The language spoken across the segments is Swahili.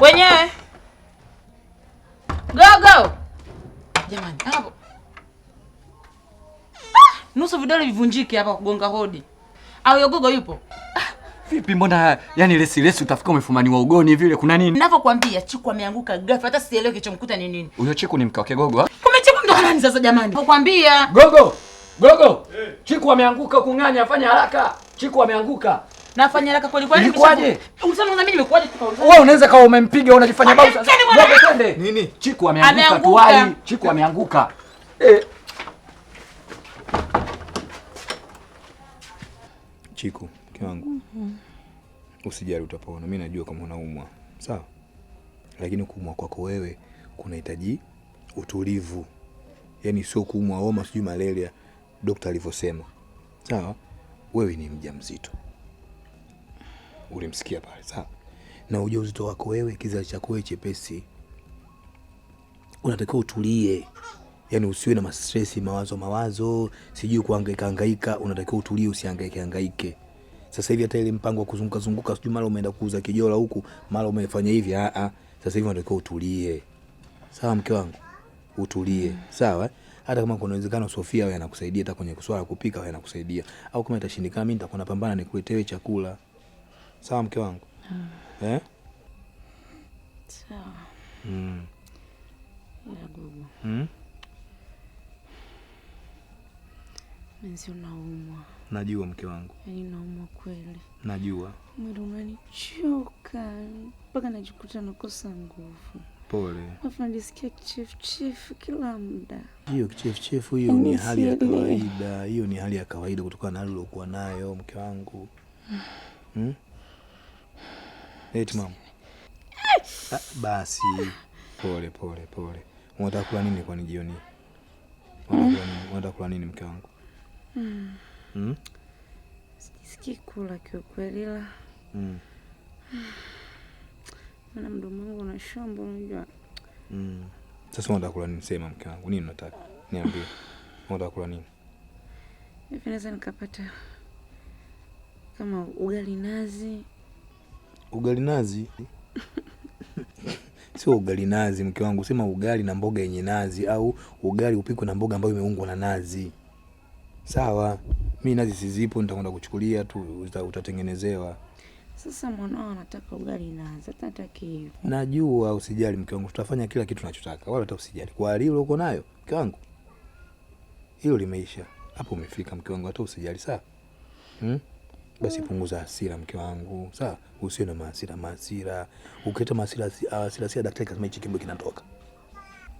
wenyewe go. Jamani, hapo ah, nusu vidole vivunjike hapa kugonga hodi. Au yogogo gogo yupo? Vipi, mbona yani lesi lesi utafika umefumaniwa ugoni vile, kuna nini? Ninavyokuambia Chiku ameanguka ghafla, hata sielewi kilichomkuta ni nini. Huyo Chiku ni mke wake gogo. chiku ndo nani sasa jamani? Nakwambia gogo gogo, hey. Eh. Chiku ameanguka, kung'anya, fanya haraka, Chiku ameanguka. Nafanya haraka kweli kweli. Ilikuwaje? Eh, Unasema mimi nimekuaje tu Paulo? Wewe unaweza kama umempiga unajifanya bau sasa. Ngoja twende. Nini? Chiku ameanguka tuwai. Chiku ameanguka. Eh. Chiku, mke wangu. Mm -hmm. Usijali utapona. Mimi najua kama unaumwa. Sawa? Lakini kuumwa kwako wewe kunahitaji utulivu. Yaani sio kuumwa homa sijui malaria, daktari alivyosema. Sawa? Wewe ni mjamzito ulimsikia pale, sawa? Na ujue uzito wako wewe, kizazi chako wewe chepesi, unatakiwa utulie, yani usiwe na mastresi, mawazo mawazo, sijui kuhangaika hangaika, unatakiwa utulie, usihangaike hangaike. Sasa hivi hata ile mpango wa kuzunguka zunguka, sijui mara umeenda kuuza kijola huku, mara umefanya hivi, a a, sasa hivi unatakiwa utulie, sawa mke wangu, utulie, sawa eh? hata kama kuna uwezekano Sofia wewe anakusaidia hata kwenye swala kupika, wewe anakusaidia au kama itashindikana, mimi nitakuwa napambana nikuletee chakula. Sawa mke wangu hmm. eh? Sawa. Hmm. Hmm? Unaumwa. Najua mke wangu. Yaani naumwa kweli. Najua. Mwili umenichoka mpaka najikuta nakosa nguvu. Pole. Alafu najisikia kichefuchefu kila muda. Hiyo kichefuchefu hiyo yaani ni hali ya kawaida, hiyo ni hali ya kawaida kutokana na hali uliokuwa nayo mke wangu. Hmm? Eti mama. Ah, basi pole pole pole. Unataka kula nini kwani jioni? Unataka kula nini mke wangu? Mm. kula kiukweli ila. Mm. Maana mdomo wangu una shombo unajua. Mm. Sasa unataka kula nini sema mke wangu? Nini unataka? Niambie. Unataka kula nini? Hivi naweza nikapata kama ugali nazi Ugali nazi sio ugali nazi, mke wangu, sema ugali na mboga yenye nazi, au ugali upikwe na mboga ambayo imeungwa na nazi. Sawa, mi nazi sizipo, nitakwenda kuchukulia tu, utatengenezewa. Sasa mwanao anataka ugali nazi, hata Najua, usijali mke wangu, tutafanya kila kitu nachotaka, wala hata usijali. Kwa hali uko nayo mke wangu, hilo limeisha hapo, umefika mke wangu, hata usijali. Sawa, hmm? basi mm. punguza hasira, mke wangu, sawa? Usiwe na maasira maasira, ukileta maasira ah, hasira hasira, daktari kasema hichi kimbo kinatoka.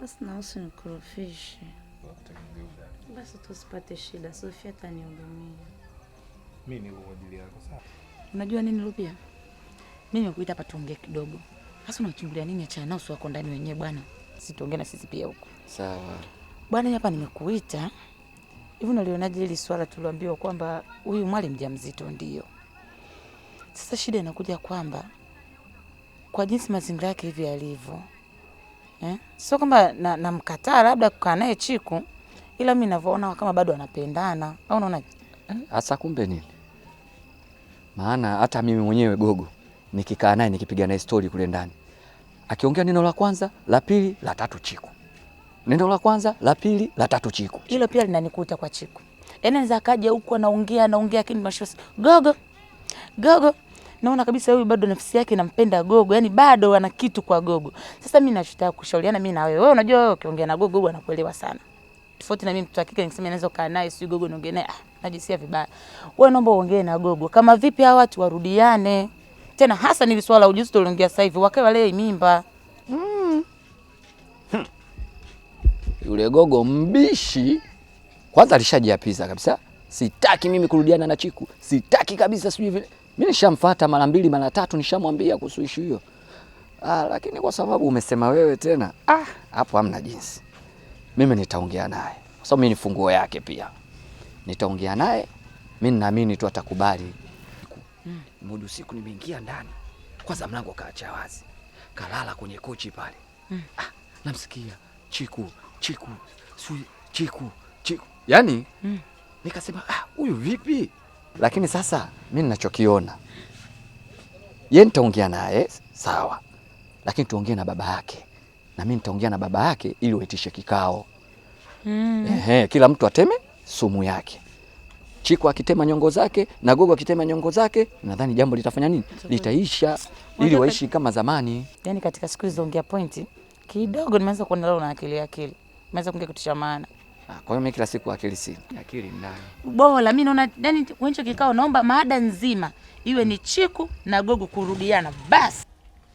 Basi na usinikorofishe, basi tusipate shida. Sofia atanihudumia, mimi niko kwa ajili yako, sawa? Unajua nini Rupia, mimi nimekuita hapa tuongee kidogo. Sasa unachungulia nini? Achana nao, wako ndani wenyewe bwana, situongee na sisi pia huko, sawa bwana. Hapa nimekuita Hivi unalionaje hili swala tuliambiwa kwamba huyu Mwali mjamzito ndio. Sasa shida inakuja kwamba kwa jinsi mazingira yake hivi yalivyo eh? Sio kwamba namkataa na labda kukaa naye Chiku, ila mimi ninavyoona kama bado anapendana au unaonaje? Hasa kumbe nini? Maana hata mimi mwenyewe Gogo nikikaa naye nikipiga naye stori kule ndani, akiongea neno la kwanza la pili la tatu Chiku neno la kwanza, la pili, la tatu Chiku. Hilo pia linanikuta kwa Chiku, yaani anaweza akaja huko anaongea anaongea, lakini masho gogo gogo, naona kabisa huyu bado nafsi yake inampenda gogo, yaani bado ana kitu kwa gogo. Sasa mimi nachotaka kushauriana mimi na wewe, wewe unajua wewe ukiongea na gogo anakuelewa sana, tofauti na mimi mtu hakika nikisema naweza kukaa naye sio gogo niongee naye, ah, najisikia vibaya. Wewe naomba uongee na gogo kama vipi hawa watu warudiane tena, hasa ni swala ujuzi tuliongea sasa hivi, wakae wale mimba mm yule gogo mbishi kwanza alishajiapiza kabisa, sitaki mimi kurudiana na Chiku, sitaki kabisa, sijui vile. Mimi nishamfuata mara mbili mara tatu, nishamwambia kuhusu ishu hiyo. Ah, lakini kwa sababu umesema wewe tena, ah, hapo hamna jinsi. Mimi nitaongea naye kwa sababu mimi ni funguo yake pia, nitaongea naye. Mimi naamini tu atakubali. Mudu siku nimeingia ndani, kwanza mlango kaacha wazi, kalala kwenye kochi pale. Mm. Ah, namsikia Chiku chiku sui chiku chiku, yani mm. Nikasema ah, huyu ah, vipi? Lakini sasa mi ninachokiona ye, nitaongea naye sawa, lakini tuongee na baba yake na mi nitaongea na baba yake ili waitishe kikao mm. Ehe, kila mtu ateme sumu yake, Chiku akitema nyongo zake na Gogo akitema nyongo zake, nadhani jambo litafanya nini, litaisha ili waishi kama zamani. Yani katika siku hizo ongea pointi kidogo, nimeanza kuona leo na akili akili Maweza kuongea maana. Ah, kwa hiyo mimi kila siku akili sina. Akili ndani. Bora mimi naona yani wencho kikao naomba maada nzima iwe ni Chiku na Gogo kurudiana basi.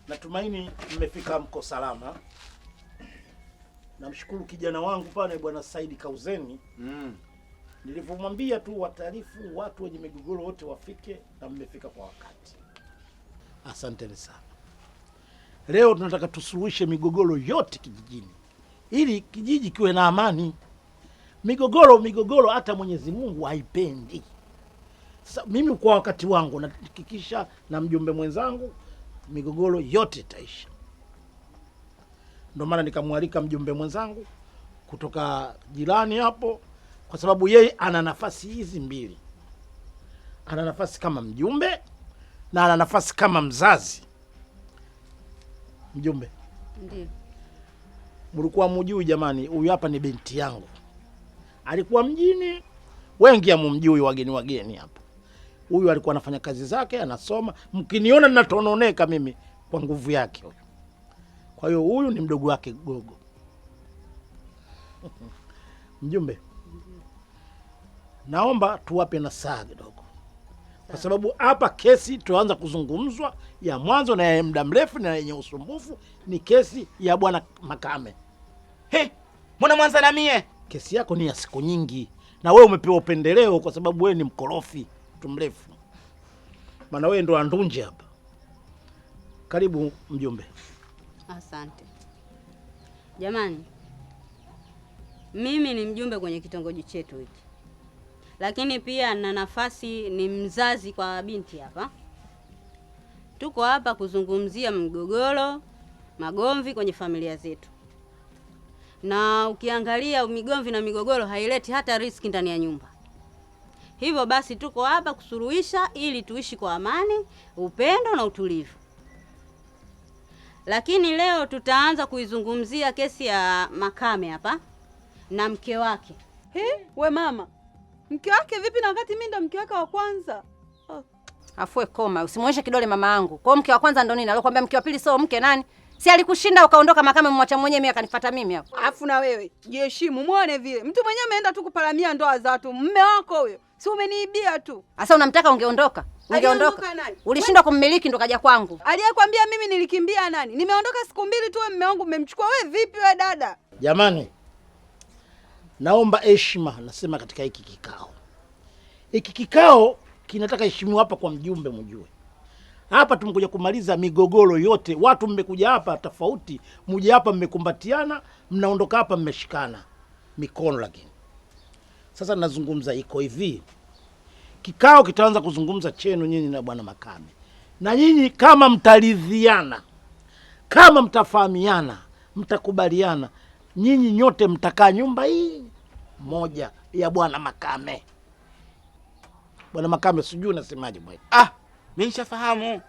Natumaini mmefika mko salama. Namshukuru kijana wangu pale Bwana Saidi Kauzeni. Mm. Nilivyomwambia tu wataarifu watu wenye migogoro wote wafike na mmefika kwa wakati. Asanteni sana. Leo tunataka tusuluhishe migogoro yote kijijini ili kijiji kiwe na amani. Migogoro, migogoro hata Mwenyezi Mungu haipendi. Sasa mimi kwa wakati wangu nahakikisha na mjumbe mwenzangu migogoro yote itaisha. Ndio maana nikamwalika mjumbe mwenzangu kutoka jirani hapo, kwa sababu yeye ana nafasi hizi mbili, ana nafasi kama mjumbe na ana nafasi kama mzazi. Mjumbe, ndiyo mlikuwa mjui jamani, huyu hapa ni binti yangu, alikuwa mjini, wengi amumjui wageni wageni hapa. Huyu alikuwa anafanya kazi zake, anasoma. Mkiniona natononeka mimi kwa nguvu yake huyu. Kwa hiyo huyu ni mdogo wake Gogo. Mjumbe, naomba tuwape na saa kidogo kwa sababu hapa kesi tuanza kuzungumzwa ya mwanzo na ya muda mrefu na yenye usumbufu ni kesi ya bwana Makame. He, mbona Mwanza na mie kesi yako ni ya siku nyingi, na wewe umepewa upendeleo kwa sababu wewe ni mkorofi, mtu mrefu, maana wewe ndo andunje hapa. Karibu mjumbe. Asante jamani, mimi ni mjumbe kwenye kitongoji chetu hiki lakini pia na nafasi ni mzazi kwa binti hapa. Tuko hapa kuzungumzia mgogoro, magomvi kwenye familia zetu, na ukiangalia migomvi na migogoro haileti hata riski ndani ya nyumba. Hivyo basi tuko hapa kusuluhisha ili tuishi kwa amani, upendo na utulivu. Lakini leo tutaanza kuizungumzia kesi ya Makame hapa na mke wake. He, we mama Mke wake vipi na wakati mimi ndo mke wake wa kwanza? Oh. Afue koma, usimwonyeshe kidole mama yangu. Kwa mke wa kwanza ndo nini? Alikwambia mke wa pili sio mke nani? Si alikushinda ukaondoka makame mwacha mwenyewe mimi akanifuata mimi hapo. Afu na wewe, jiheshimu muone vile. Mtu mwenyewe ameenda tu kupalamia ndoa za watu. Mume wako huyo. Si umeniibia tu. Sasa unamtaka ungeondoka. Ungeondoka. Ulishindwa kummiliki ndo kaja kwangu. Aliyekwambia mimi nilikimbia nani? Nimeondoka siku mbili tu, mume wangu mmemchukua. Wewe vipi wewe dada? Jamani, naomba heshima, nasema katika hiki kikao. Hiki kikao kinataka heshimiwa hapa kwa mjumbe, mjue hapa tumekuja kumaliza migogoro yote. Watu mmekuja hapa tofauti, mmoja hapa mmekumbatiana, mnaondoka hapa mmeshikana mikono. Lakini sasa nazungumza iko hivi, kikao kitaanza kuzungumza chenu nyinyi na bwana Makame, na nyinyi kama mtaridhiana, kama mtafahamiana, mtakubaliana, nyinyi nyote mtakaa nyumba hii moja ya bwana Makame. Bwana Makame, sijui unasemaje bwana. Ah, mimi nishafahamu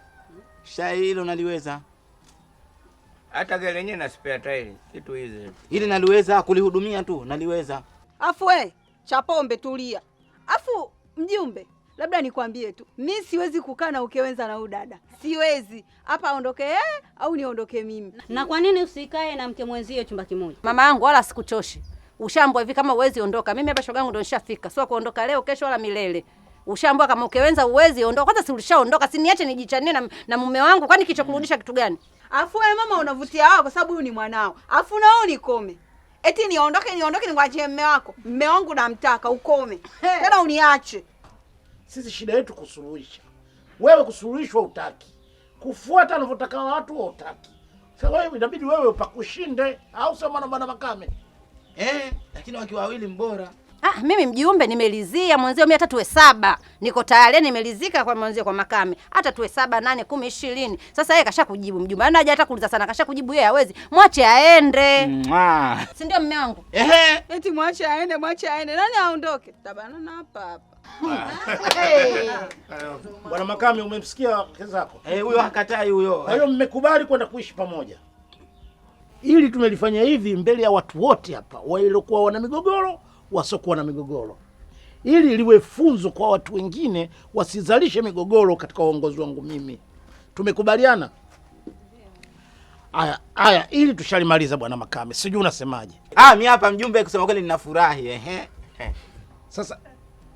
shairi hilo naliweza, hata gari lenyewe na spare tire kitu hizi ile naliweza kulihudumia tu naliweza. Afu we Chapombe, tulia. Afu mjumbe, labda nikwambie tu, mi siwezi kukaa na ukewenza na udada, siwezi hapa. Aondoke yeye au niondoke mimi? Na kwa nini usikae na mke mwenzie chumba kimoja? Mama yangu, wala sikuchoshi ushambwa hivi kama uwezi ondoka. Mimi hapa shogangu ndo nishafika, sio kuondoka leo kesho wala milele. Ushambwa kama ukiweza uwezi ondoka. Kwanza si ulishaondoka, si niache nijichanie na, na mume wangu, kwani kicho kurudisha kitu gani? Afu wewe mama unavutia hao kwa sababu huyu ni mwanao. Afu na wewe nikome. Eti niondoke niondoke ningwachie mume wako. Mume wangu namtaka ukome. Tena uniache. Sisi shida yetu kusuluhisha. Wewe kusuluhishwa utaki. Kufuata anavyotaka watu wa utaki. Sasa wewe inabidi wewe upakushinde au sema na bwana Makame. Eh, lakini wakiwa wawili mbora. Ah, mimi mjumbe nimelizia mwanzio mimi hata tuwe saba. Niko tayari nimelizika kwa mwanzio kwa makame. Hata tuwe saba, nane, kumi, ishirini. Sasa yeye kasha kujibu mjumbe. Ana yaani haja hata kuuliza sana, kasha kujibu yeye hawezi. Mwache aende. Si ndio mume wangu? Ehe. Eti mwache aende, mwache aende. Nani aondoke? Tabanana hapa hapa. Bwana Makame umemsikia zako? Eh, huyo hakatai huyo. Kwa hiyo mmekubali kwenda kuishi pamoja. Ili tumelifanya hivi mbele ya watu wote hapa, waliokuwa wana migogoro, wasiokuwa na migogoro, ili liwe funzo kwa watu wengine wasizalishe migogoro katika uongozi wangu mimi. Tumekubaliana haya haya, ili tushalimaliza. Bwana Makame, sijui unasemaje? Ah, mimi hapa mjumbe, kusema kweli ninafurahi. Ehe, sasa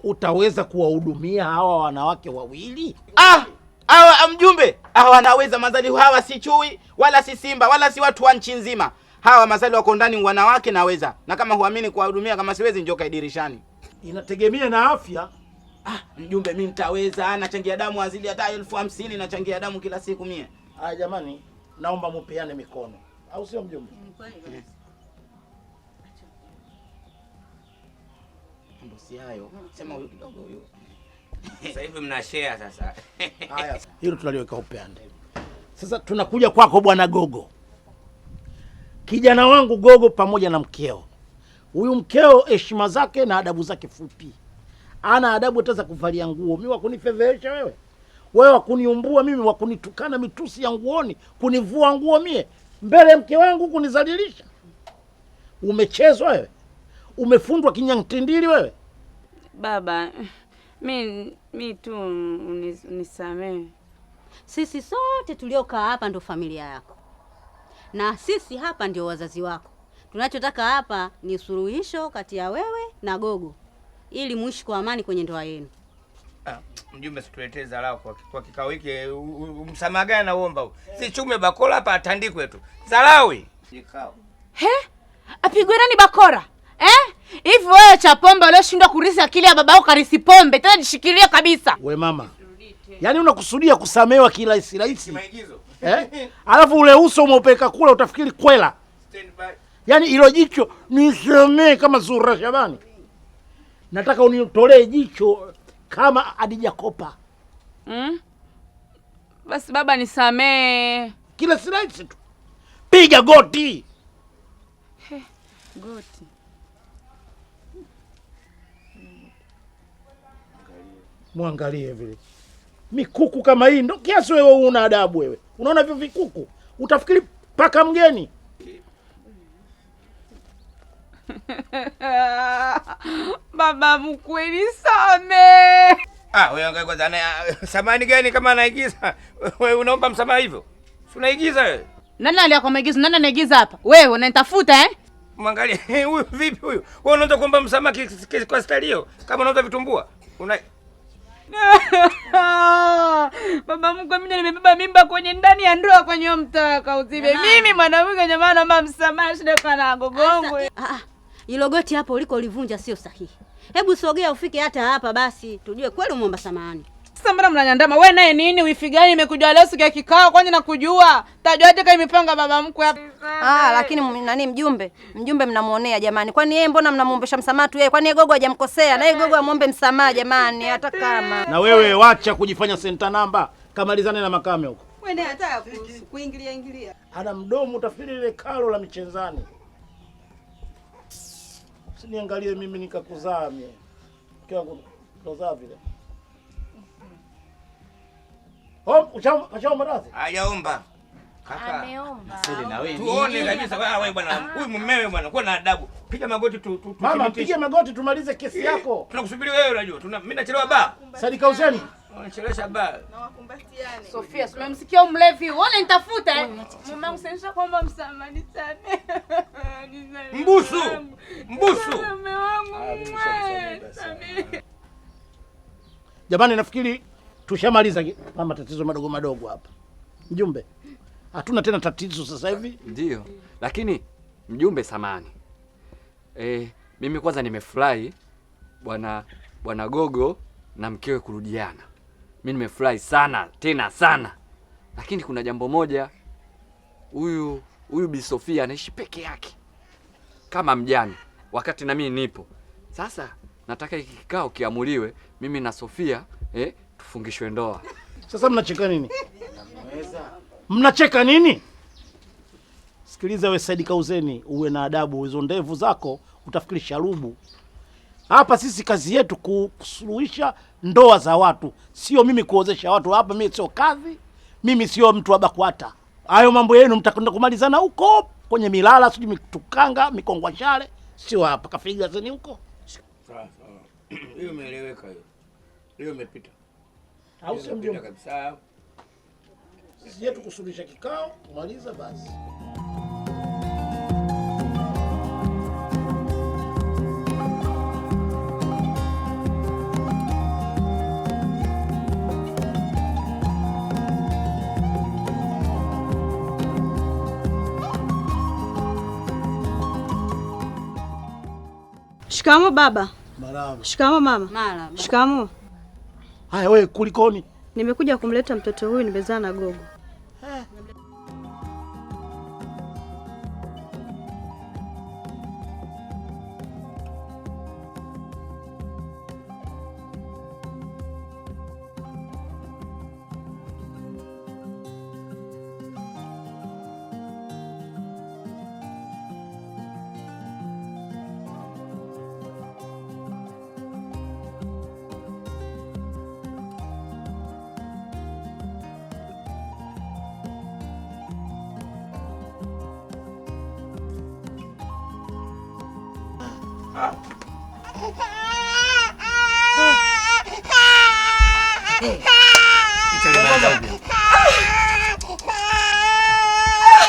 utaweza kuwahudumia hawa wanawake wawili? ah! hawa ah, mjumbe hawa wanaweza mazali hawa, si chui wala si simba wala si watu wa nchi nzima hawa mazali wako ndani, wanawake naweza, na kama huamini kuwahudumia, kama siwezi njoka idirishani, Inategemea na afya. Ah, mjumbe, mimi nitaweza, nachangia damu azili hata elfu hamsini nachangia damu kila siku mie. Ah, jamani, naomba mupeane mikono, au sio mjumbe? Ndio, eh. si hayo sema huyu kidogo huyu sasa hivi mna share sasa. Haya, hilo tunaliweka upande. Sasa tunakuja kwako bwana Gogo, kijana wangu Gogo pamoja na mkeo huyu. Mkeo heshima zake na adabu zake fupi, ana adabu hata za kuvalia nguo. Mi wakunifedhehesha wewe, wewe wakuniumbua mimi, wakunitukana mitusi ya nguoni, kunivua nguo mie mbele ya mke wangu, kunizalilisha. Umechezwa wewe, umefundwa kinyang'tindili wewe. Baba mi mi tu nisamee Sisi sote tuliokaa hapa ndo familia yako, na sisi hapa ndio wazazi wako. Tunachotaka hapa ni suluhisho kati ya wewe na Gogo ili muishi kwa amani kwenye ndoa yenu. Ah, mjumbe, situletee dharau kwa, kwa kikao hiki. Msamaha gani nauomba huu? Eh. Si chume bakora hapa atandikwe tu. zarawi Kikao. He? Apigwe nani bakora? Eh? Hivi Wewe cha pombe ulioshindwa kurisi akili ya baba yako karisi pombe tena, jishikilie kabisa. We mama, yaani unakusudia kusamewa kila rahisi eh? Alafu ule uso umeupeka kula utafikiri kwela, yaani ilo jicho nisamee kama Zura Shabani, nataka unitolee jicho kama Adija Kopa. Mm? Basi baba nisamee, kila rahisi tu, piga goti. Hey, goti mwangalie vile mikuku kama hii ndo kiasi. Wewe una adabu wewe, unaona hivyo vikuku utafikiri paka mgeni. Baba mkwe, nisamehe. Ah, wewe ngai kwanza samani gani kama anaigiza? Wewe unaomba msamaha hivyo? Si unaigiza wewe. Nani alia kwa maigizo? Nani anaigiza hapa? Wewe unanitafuta eh? Mwangalie huyu vipi huyu? Wewe unaanza kuomba msamaha kwa stalio kama unauza vitumbua. Una Baba mkwe, mimi nimebeba mimba kwenye ndani ya ndoa kwenye mtaka uzibe. Mimi mwanamke jamaa, naomba msamaha, shida kwa na gogongo. Hilo ah, ah, goti hapo uliko ulivunja sio sahihi. Hebu sogea ufike hata hapa basi tujue kweli umeomba samahani. Sasa mbona mnanyandama? We naye nini? Wifi gani imekuja leo siku ya kikao? Kwani nakujua tajua hata kama imepanga baba mkwe hapa. Ah, ah lakini eh. nani mjumbe? Mjumbe mnamuonea jamani. Kwani yeye mbona mnamuombesha msamaha tu yeye? Kwani Gogo hajamkosea? Na yeye Gogo amuombe msamaha jamani hata kama. Na wewe wacha kujifanya senta namba. Kamalizane na makame huko. Wewe ndiye hata kuingilia ingilia. Ana mdomo utafikiri ile kalo la michezani. Usiniangalie mimi nikakuzaa mimi. Kwa kuzaa vile. Kashaomba hajaomba tuone kabisa wewe bwana, ah. huyu mumewe bwana, kuwa na adabu, piga magoti tu, tu, mama, piga magoti tumalize kesi eh, yako, tunakusubiri wewe. Unajua tuna mimi nachelewa ba Sadika Huseni unachelewesha ba Sofia, simemsikia umlevi, uone nitafuta mama Huseni kwamba msamani sana mbusu mbusu. Ah, Jamani, nafikiri tushamaliza kama tatizo madogo madogo hapa mjumbe, hatuna tena tatizo sasa hivi. Ndio, lakini mjumbe samani e, mimi kwanza nimefurahi bwana bwana Gogo na mkewe kurudiana, mi nimefurahi sana tena sana, lakini kuna jambo moja, huyu huyu Bi Sofia anaishi peke yake kama mjane, wakati na mimi nipo. Sasa nataka hiki kikao kiamuliwe mimi na Sofia eh, tufungishwe ndoa. Sasa mnacheka nini? Mnacheka nini? Sikiliza we Said Kauzeni, uwe na adabu. Hizo ndevu zako utafikiri sharubu. Hapa sisi kazi yetu kusuluhisha ndoa za watu, sio mimi kuozesha watu hapa. Mimi sio kazi mimi sio mtu wa BAKWATA. Hayo mambo yenu mtakwenda kumalizana huko kwenye milala, sijui mitukanga, mikongwashale, sio hapa. Kafiga zeni huko. Hiyo imeeleweka, hiyo hiyo imepita. Hausemjumba kabisa. Sisi yetu kusuluhisha kikao, kumaliza basi. Shikamo baba. Marahaba. Shikamo mama. Marahaba. Shikamo. Haya wewe, kulikoni? Nimekuja kumleta mtoto huyu, nimezaa na gogo.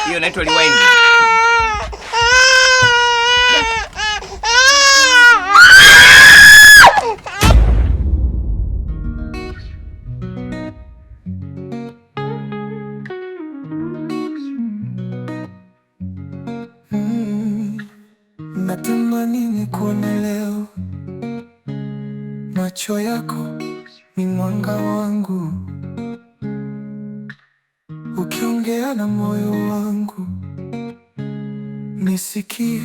Hiyo inaitwa liwaindi. Macho yako ni mwanga wangu, ukiongea na moyo wangu, nisikie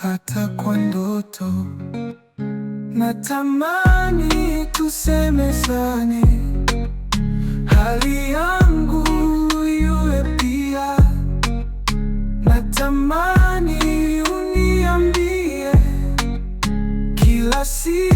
hata kwa ndoto. Natamani tusemezane, hali yangu iwe pia. Natamani uniambie kila siku